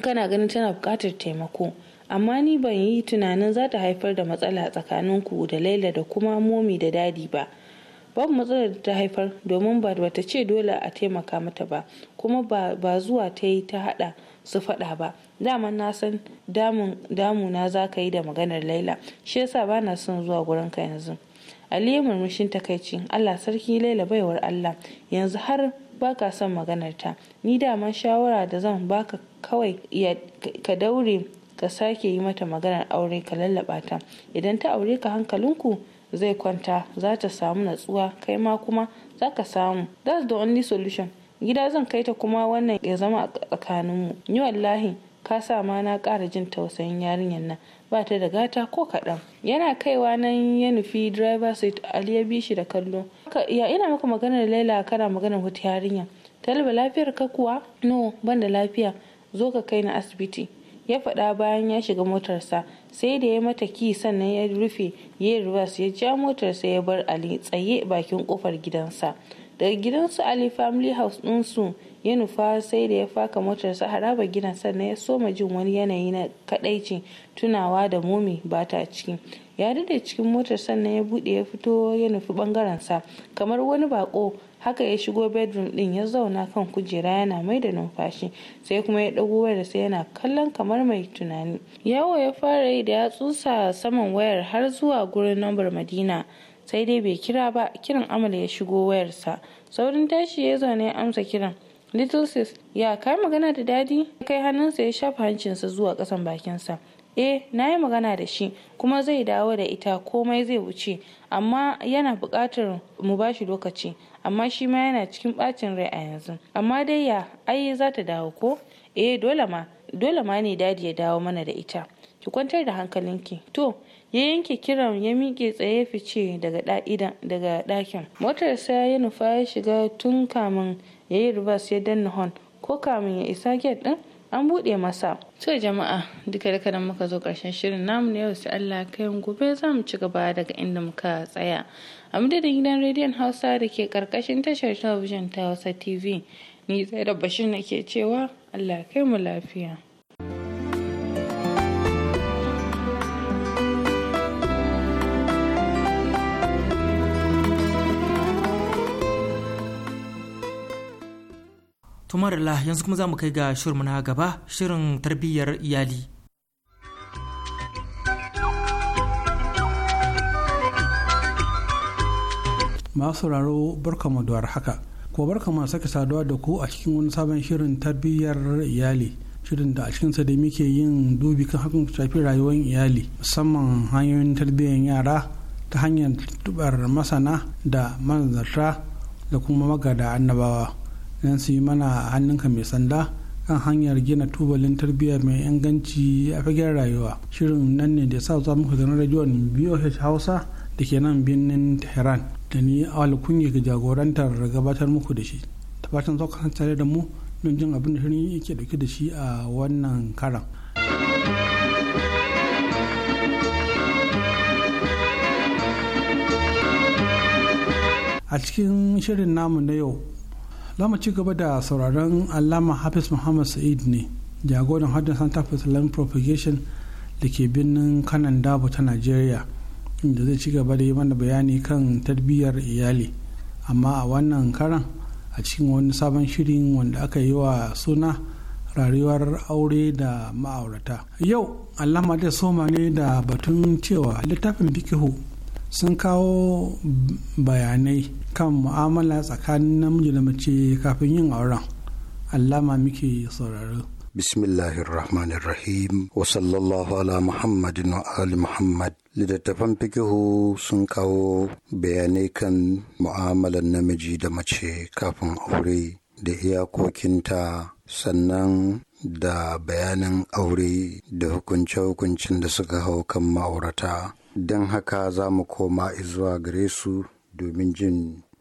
kana ganin tana bukatar taimako amma ni ban yi tunanin za ta haifar da matsala tsakanin ku da laila da kuma momi da dadi ba babu matsalar da ta haifar domin ba bata ce dole a taimaka mata ba kuma ba zuwa ta yi ta hada su faɗa ba dama na san damuna za ka yi da maganar laila shi yasa ba na son zuwa gurin ka yanzu ali ya murmushin takaici allah sarki laila baiwar allah yanzu har baka son maganar ta ni daman shawara da zan baka kawai ka daure ka sake yi mata maganar aure ka lallaba ta idan ta aure ka hankalinku zai kwanta za ta samu natsuwa kai ma kuma za ka samu that's the only solution gida zan kai ta kuma wannan ya zama a tsakaninmu ni wallahi ka sa ma na ƙara jin tausayin yarinyar nan ba ta da gata ko kaɗan yana kaiwa nan ya nufi driver seat ali ya bi shi da kallo ya ina maka maganar laila kana maganar wata yarinya talba lafiyar ka kuwa no ban da lafiya zo ka kai na asibiti ya faɗa bayan ya shiga motarsa sai da ya mata ki sannan ya rufe ya reverse ya ja motarsa ya bar ali tsaye bakin kofar gidansa daga gidansu ali family house ɗinsu ya nufa sai da ya faka motarsa haraba gidan sannan ya soma jin wani yanayi na kadaici tunawa da momi ba ta ciki ya dade cikin motar sannan ya bude ya fito ya nufi bangaren sa kamar wani bako haka ya shigo bedroom din ya zauna kan kujera yana mai da numfashi sai kuma ya dago wayar sai yana kallon kamar mai tunani yawo ya fara yi da ya tsusa saman wayar har zuwa gurin nambar madina sai dai bai kira ba kiran amal ya shigo wayarsa saurin tashi ya zauna ya amsa kiran little sis ya kai magana da dadi kai hannunsa ya shafa hancinsa zuwa kasan bakinsa eh na yi magana da shi kuma zai dawo da ita komai zai wuce amma yana buƙatar mu ba shi lokaci amma shi ma yana cikin bacin rai a yanzu amma dai ya ai za ta dawo ko eh dole ma dole ma ne dadi ya dawo mana da ita ki kwantar da hankalinki to ya yanke kiran ya miƙe tsaye fice daga ɗakin motarsa ya nufa ya shiga tun kamin ya yi ribas ya danna hon ko kamin ya isa gate ɗin an buɗe masa to jama'a duka duka da muka zo ƙarshen shirin namu na yau sai Allah kai gobe za mu ci gaba daga inda muka tsaya a madadin gidan rediyon hausa da ke karkashin tashar talabijin ta hausa tv ni tsaye da bashir nake cewa Allah kai mu lafiya tumarila yanzu kuma za mu kai ga shirin na gaba shirin tarbiyyar iyali masu raro barkamu da haka ko barka barkamu sake saduwa da ku a cikin wani sabon shirin tarbiyyar iyali shirin da a cikinsa da muke yin dubi kan hakan shafi rayuwar iyali musamman hanyoyin tarbiyyar yara ta hanyar tubar masana da manzarta da kuma magada annabawa don su yi mana hannunka mai sanda kan hanyar gina tubalin tarbiyya mai inganci a fagen rayuwa shirin nan ne da sa zuwa muku da rajiyon boh hausa da ke nan birnin tehran da ni awal kunye ga jagorantar gabatar muku da shi tabbatar fatan zo kasance tare da mu don jin abin da shirin yake dauke da shi a wannan karan a cikin shirin namu na yau za mu ci gaba da sauraron alama hafiz muhammad sa'id ne jagoran hadin santa for islamic propagation da ke birnin kanan dabo ta nigeria inda zai ci gaba da yi mana bayani kan tarbiyyar iyali amma a wannan karan a cikin wani sabon shirin wanda aka yi wa suna rayuwar aure da ma'aurata yau alama da soma ne da batun cewa littafin bikihu sun kawo bayanai kan mu'amala tsakanin namiji da mace kafin yin auren allama muke sauraro bismillahirrahmanirrahim wa sallallahu ala muhammadin wa ali muhammad littattafan fikihu sun kawo bayanai kan mu'amalar namiji da mace kafin aure da iyakokinta sannan da bayanin aure da hukunce-hukuncin da suka hau kan ma'aurata don haka za mu koma izuwa gare su domin jin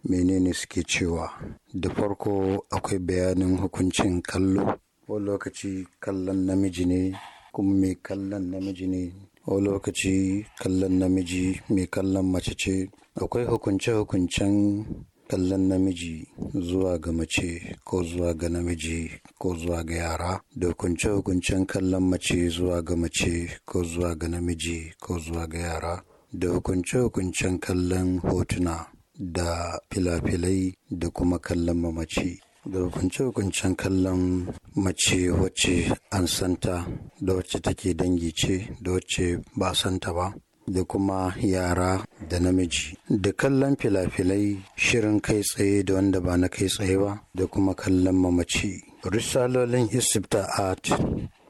menene suke cewa da farko akwai bayanin hukuncin kallo Ko lokaci kallon namiji ne kuma mai kallon namiji ne Ko lokaci kallon namiji mai kallon mace ce akwai hukunce-hukuncen kallon namiji zuwa ga mace ko zuwa ga namiji ko zuwa ga yara da hukunce-hukuncen kallon mace zuwa ga mace ko zuwa ga namiji ko zuwa ga yara da hukunce-hukuncen kallon hotuna da filafilai da kuma kallon mamaci da hukunce-hukuncen kallon mace wacce an santa da wacce take dangi ce da wacce ba santa ba da kuma yara da namiji da kallon filafilai shirin kai tsaye da wanda ba na kai tsaye ba da kuma kallon mamaci risalolin istifta art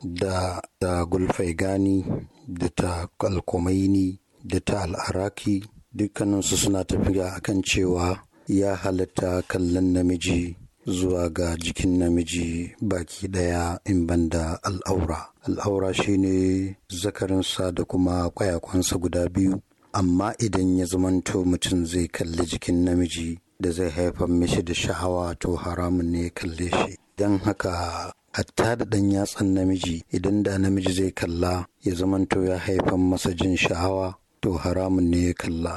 da ta gulfai gani da ta kalkomaini da ta al'araki dukkaninsu suna tafiya a kan cewa ya halatta kallon namiji zuwa ga jikin namiji baki daya in banda al'aura al'aura shine zakarinsa da kuma kwayakwansa guda biyu amma idan ya zamanto mutum zai kalli jikin namiji da zai haifar mishi da sha'awa to haramun ne ya kalle shi don haka hatta da ɗan yatsan namiji idan da namiji zai kalla ya zamanto ya haifar masa jin sha'awa to haramun ne ya kalla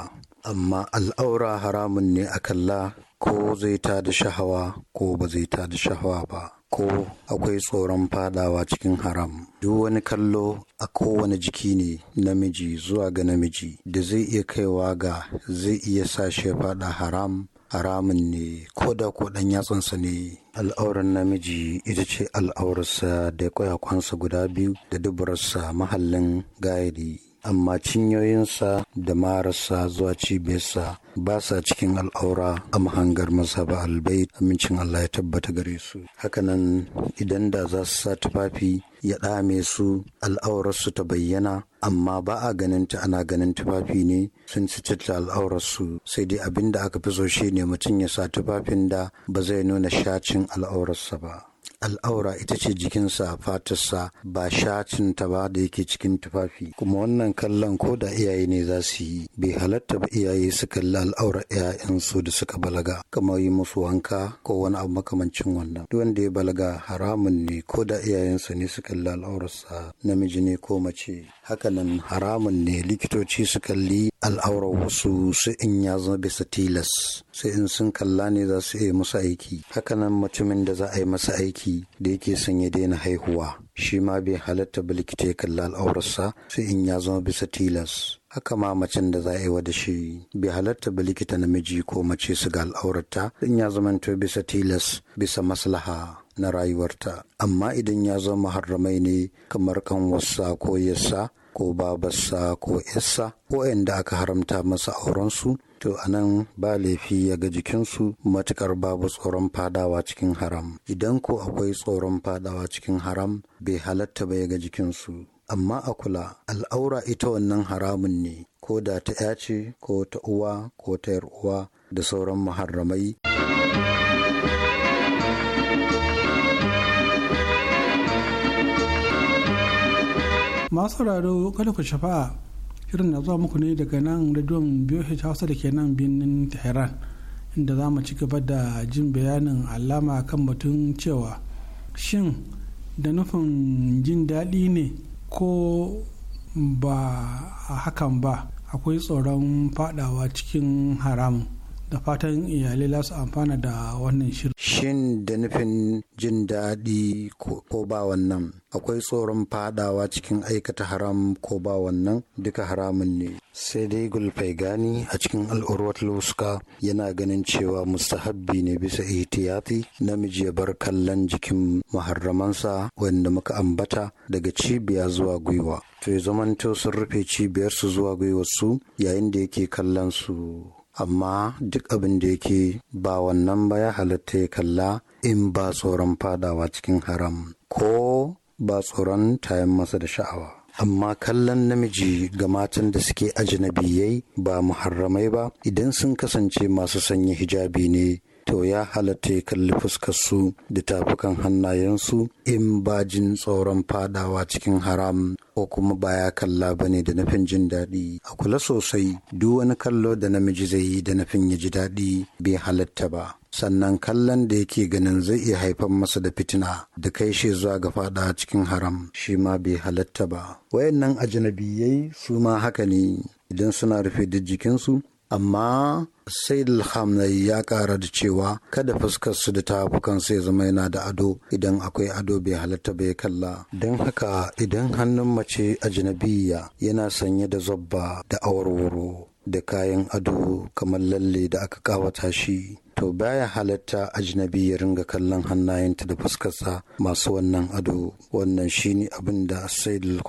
amma al'aura haramun ne a kalla ko zai ta da shahawa ko ba zai ta da shahawa ba ko akwai tsoron fadawa cikin haram duk wani kallo a kowane jiki ne namiji zuwa ga namiji da zai iya kaiwa ga zai iya sa shi fada haram haramun ne ko da ko dan yatsansa ne al'auran namiji ita ce al'aurarsa da kwayakwansa guda biyu da dubarsa mahallin gayari amma cinyoyinsa da marasa zuwa cibiyarsa ba sa cikin al'aura a mahangar mazhaba albai amincin Allah ya tabbata gare su hakanan idan da za su sa tufafi ya ɗame su al'aurarsu ta bayyana amma ba a ta ana ganin tufafi ne sun sitata al'aurarsu sai dai abin da aka fi so shi ne mutum ya sa tufafin da ba zai nuna shacin al'aurarsa ba al'aura ita ce jikinsa fatarsa ba shatin ta ba da yake cikin tufafi kuma wannan kallon ko da iyaye ne za su yi bai halatta ba iyaye su kalli al'aura 'ya'yansu da suka balaga kamar yi musu wanka ko wani abu makamancin wannan duk wanda ya balaga haramun ne ko da iyayensa ne su kalli al'aurarsa namiji ne ko mace hakanan haramun ne likitoci su kalli al'aurar wasu su in ya zama bisa tilas su in sun kalla ne za su iya musu aiki hakanan mutumin da za a yi masa aiki da yake son ya daina haihuwa shi ma bai halatta ba likita ya kalla al'aurarsa su in ya zama bisa tilas haka ma macen da za a yi wa da shi bai halatta ba likita namiji ko mace su ga al'aurarta in ya zama to bisa tilas bisa maslaha na rayuwarta amma idan ya zama harramai ne kamar kan wasa ko yasa ko babarsa ko yassa ko da aka haramta masa aurensu to anan ba laifi ya ga jikinsu matukar babu tsoron fadawa cikin haram idan ko akwai tsoron fadawa cikin haram bai halatta ba ya ga jikinsu amma a kula al'aura ita wannan haramun ne ko da ta 'ya ko ta uwa ko ta yar uwa da sauran muharramai. masu sauraro kada ku shafa shirin na zuwa muku ne daga nan biyu BOH Hausa da ke nan birnin Tehran inda za mu ci gaba da jin bayanin alama kan mutum cewa shin da nufin jin daɗi ne ko ba hakan ba akwai tsoron fadawa cikin haramun. da fatan iyalai za su amfana da wannan shirin. Shin da nufin jin daɗi ko ba wannan akwai tsoron fadawa cikin aikata haram ko ba wannan duka haramun ne. Sai dai gulfai gani a cikin al'urwat luska yana ganin cewa mustahabbi ne bisa ihtiyati namiji ya bar kallon jikin maharramansa wanda muka ambata daga cibiya zuwa gwiwa. To ya zamanto sun rufe cibiyarsu zuwa gwiwarsu yayin da yake kallon su amma duk abin da yake ba wannan ba ya halatta ya kalla in ba tsoron fadawa cikin haram ko ba tsoron tayan masa da sha'awa amma kallon namiji ga matan da suke ajinabiyai ba muharramai ba idan sun kasance masu sanya hijabi ne to ya halatta ya kalli fuskarsu da tafukan hannayensu in ba jin tsoron fadawa cikin haram ko kuma ba ya kalla ba ne da nufin jin daɗi a kula sosai duk wani kallo da namiji zai yi da nufin ya ji daɗi bai halatta ba sannan kallon da yake ganin zai iya haifar masa da fitina da kai shi zuwa ga fada cikin haram shi ma bai halatta ba wayannan ajinabiyai su ma haka ne idan suna rufe duk jikinsu amma sai ya kara da cewa kada fuskar su da tafukan sai zama yana da ado idan akwai ado bai halatta bai kalla don haka idan hannun mace a ajnabiya yana sanye da zobba da awarwaro da kayan ado kamar lalle da aka kawata shi to baya halatta ajnabi ya ringa kallon hannayenta da fuskarsa masu wannan ado wannan shine abin da said al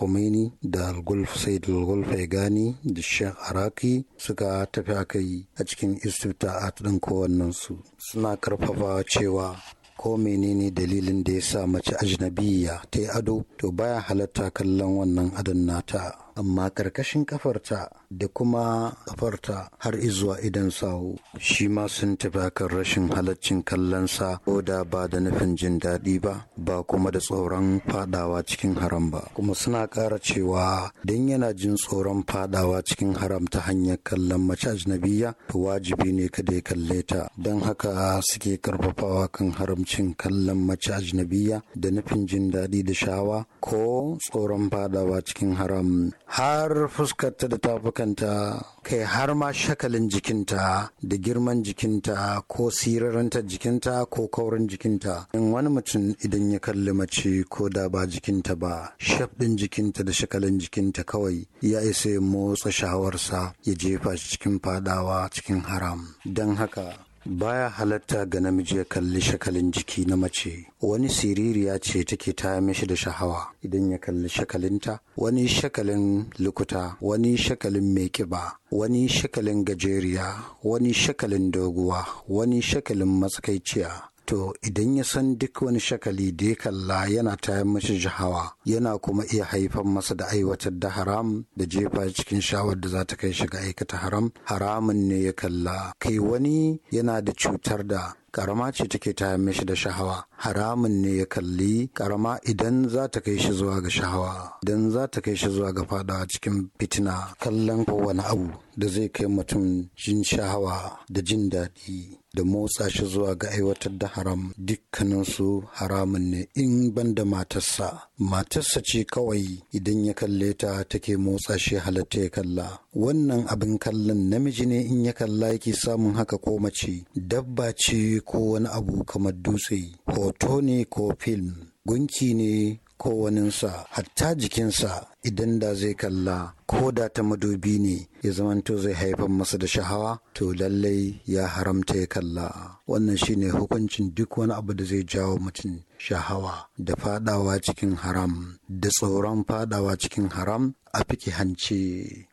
da al-gulf said al ya gani da sheikh araki suka tafi aka yi a cikin a din kowannen su suna karfafa cewa ko menene dalilin da ya sa mace ajnabiya ta yi ado to baya halatta kallon wannan adon nata amma karkashin kafarta da kuma kafarta har izuwa idan sawu shi ma sun tafi kan rashin halaccin kallonsa ko da ba da nufin jin daɗi ba ba kuma da tsoron fadawa cikin haram ba kuma suna ƙara cewa don yana jin tsoron fadawa cikin haram ta hanyar kallon mace ajnabiya to wajibi ne kada ya kalle ta don haka suke karfafawa kan haramcin kallon mace ajnabiya da nufin jin daɗi da shawa ko tsoron fadawa cikin haram har fuskarta da tafukanta kai har ma shakalin jikinta da girman jikinta ko sirarinta jikinta ko kaurin jikinta in wani mutum idan ya kalli mace ko da ba jikinta ba shafɗin jikinta da shakalin jikinta kawai ya isa motsa shawarsa ya jefa shi cikin fadawa cikin haram don haka baya halatta ga namiji ya kalli shakalin jiki na mace wani siririya ce take ta mishi da shahawa idan ya kalli shakalinta wani shakalin lukuta wani shakalin mai kiba wani shakalin gajeriya wani shakalin doguwa wani shakalin matsakaiciya to idan ya san duk wani shakali da ya kalla yana tayar mashi jihawa yana kuma iya haifar masa da aiwatar da haram da jefa cikin shawar da za ta kai shiga aikata haram haramun ne ya kalla kai wani yana da cutar da karama ce take ta mishi da shahawa haramun ne ya kalli karama idan za ta kai shi zuwa ga shahawa idan za ta kai shi zuwa ga fada cikin fitina kallon kowane abu da zai kai mutum jin shahawa da jin daɗi da motsa shi zuwa ga aiwatar da haram dukkaninsu haramun ne in ban da matarsa matarsa ce kawai idan ya kalle ta take motsa shi halatta ya kalla wannan abin kallon namiji ne in ya kalla yake samun haka ko mace dabba ce ko wani abu kamar dutse hoto ne ko film gunki ne ko waninsa hatta jikinsa idan da zai kalla ko da ta madubi ne ya zamanto zai haifar masa da shahawa to lallai ya haramta ya kalla wannan shine hukuncin duk wani abu da zai jawo mutum shahawa da fadawa cikin haram da tsoron fadawa cikin haram a fiki hanci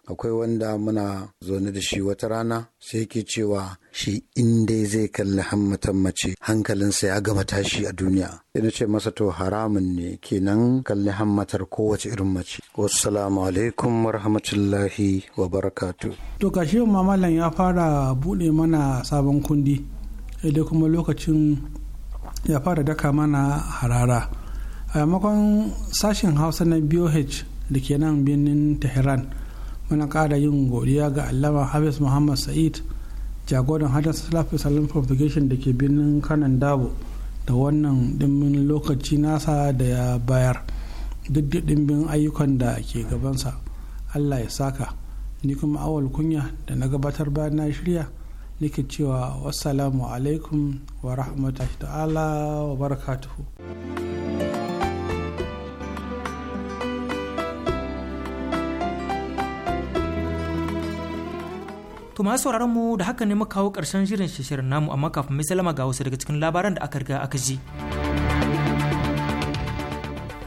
akwai wanda muna zaune da shi wata rana sai ke cewa shi in dai zai kalli hammatan mace hankalinsa ya gama tashi a duniya Ina ce masa to haramun ne kenan kalli hammatar kowace irin mace wassalamu alaikum wa barakatu to kashe mamalan ya fara buɗe mana sabon kundi idan kuma lokacin ya fara daka mana harara a makon sashen hausa na boh da ke nan birnin tehran muna kara yin godiya ga allama hafiz muhammad sa'id jagoran hadar salafi salam propagation da ke birnin kanan dabo da wannan dimmin lokaci nasa da ya bayar. duk dimbin ayyukan da ke gabansa allah ya saka ni kuma awal kunya da na gabatar bayan na shirya nake cewa wassalamu alaikum wa rahmatullahi ta'ala wa barakatuhu To masu sauraron mu da haka ne muka kawo karshen shirin shirin namu amma kafin mai salama ga wasu daga cikin labaran da aka riga aka ji.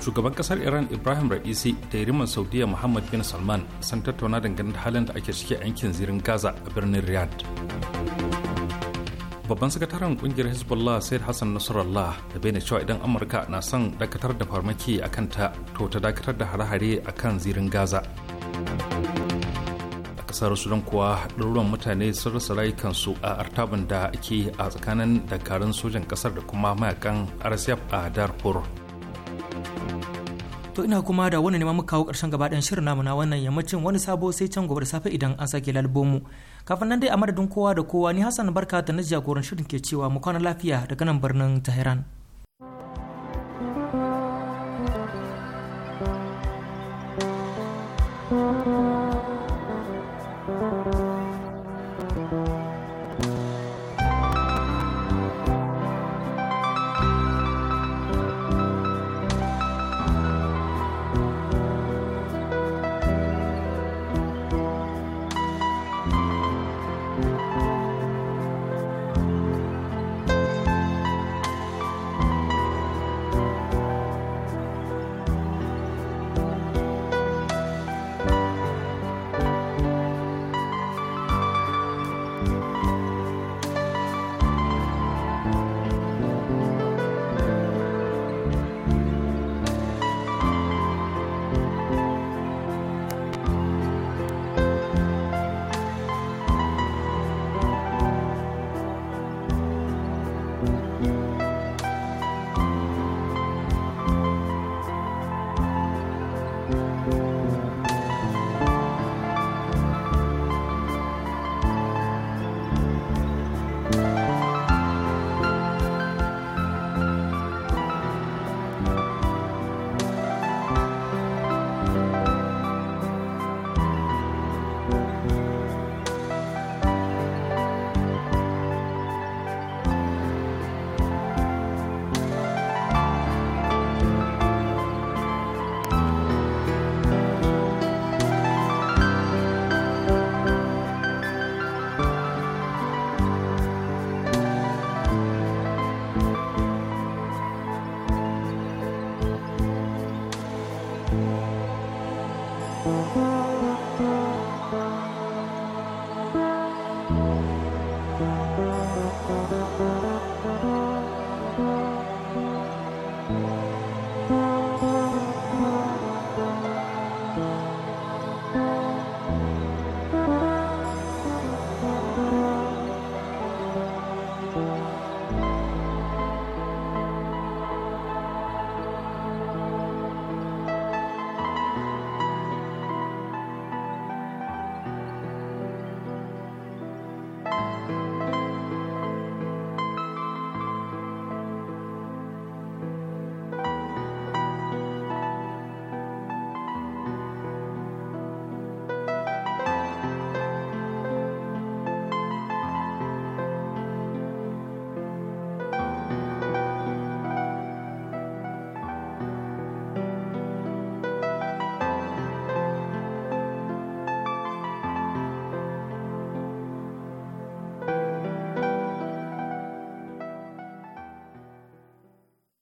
shugaban kasar iran ibrahim ra'isi da yariman saudiya muhammad bin salman sun tattauna dangane da halin da ake ciki a yankin zirin gaza a birnin riyadh babban sakataren kungiyar hezbollah said hassan nasrallah da bai cewa idan amurka na son dakatar da farmaki a kanta to ta dakatar da hare-hare a kan zirin gaza a kasar sudan kuwa ɗaruruwan mutane sun rasa rayukansu a artabin da ake a tsakanin dakarun sojan kasar da kuma mayakan rsf a darfur To ina kuma da wani neman muka kawo karshen gaba shirin namu na wannan yammacin wani sabo sai can gobe da safe idan an sake lalbomu. Kafin nan dai a madadin kowa da kowa ni Hassan Barka da na jagoran shirin ke cewa mu kwana lafiya daga nan birnin Tehran.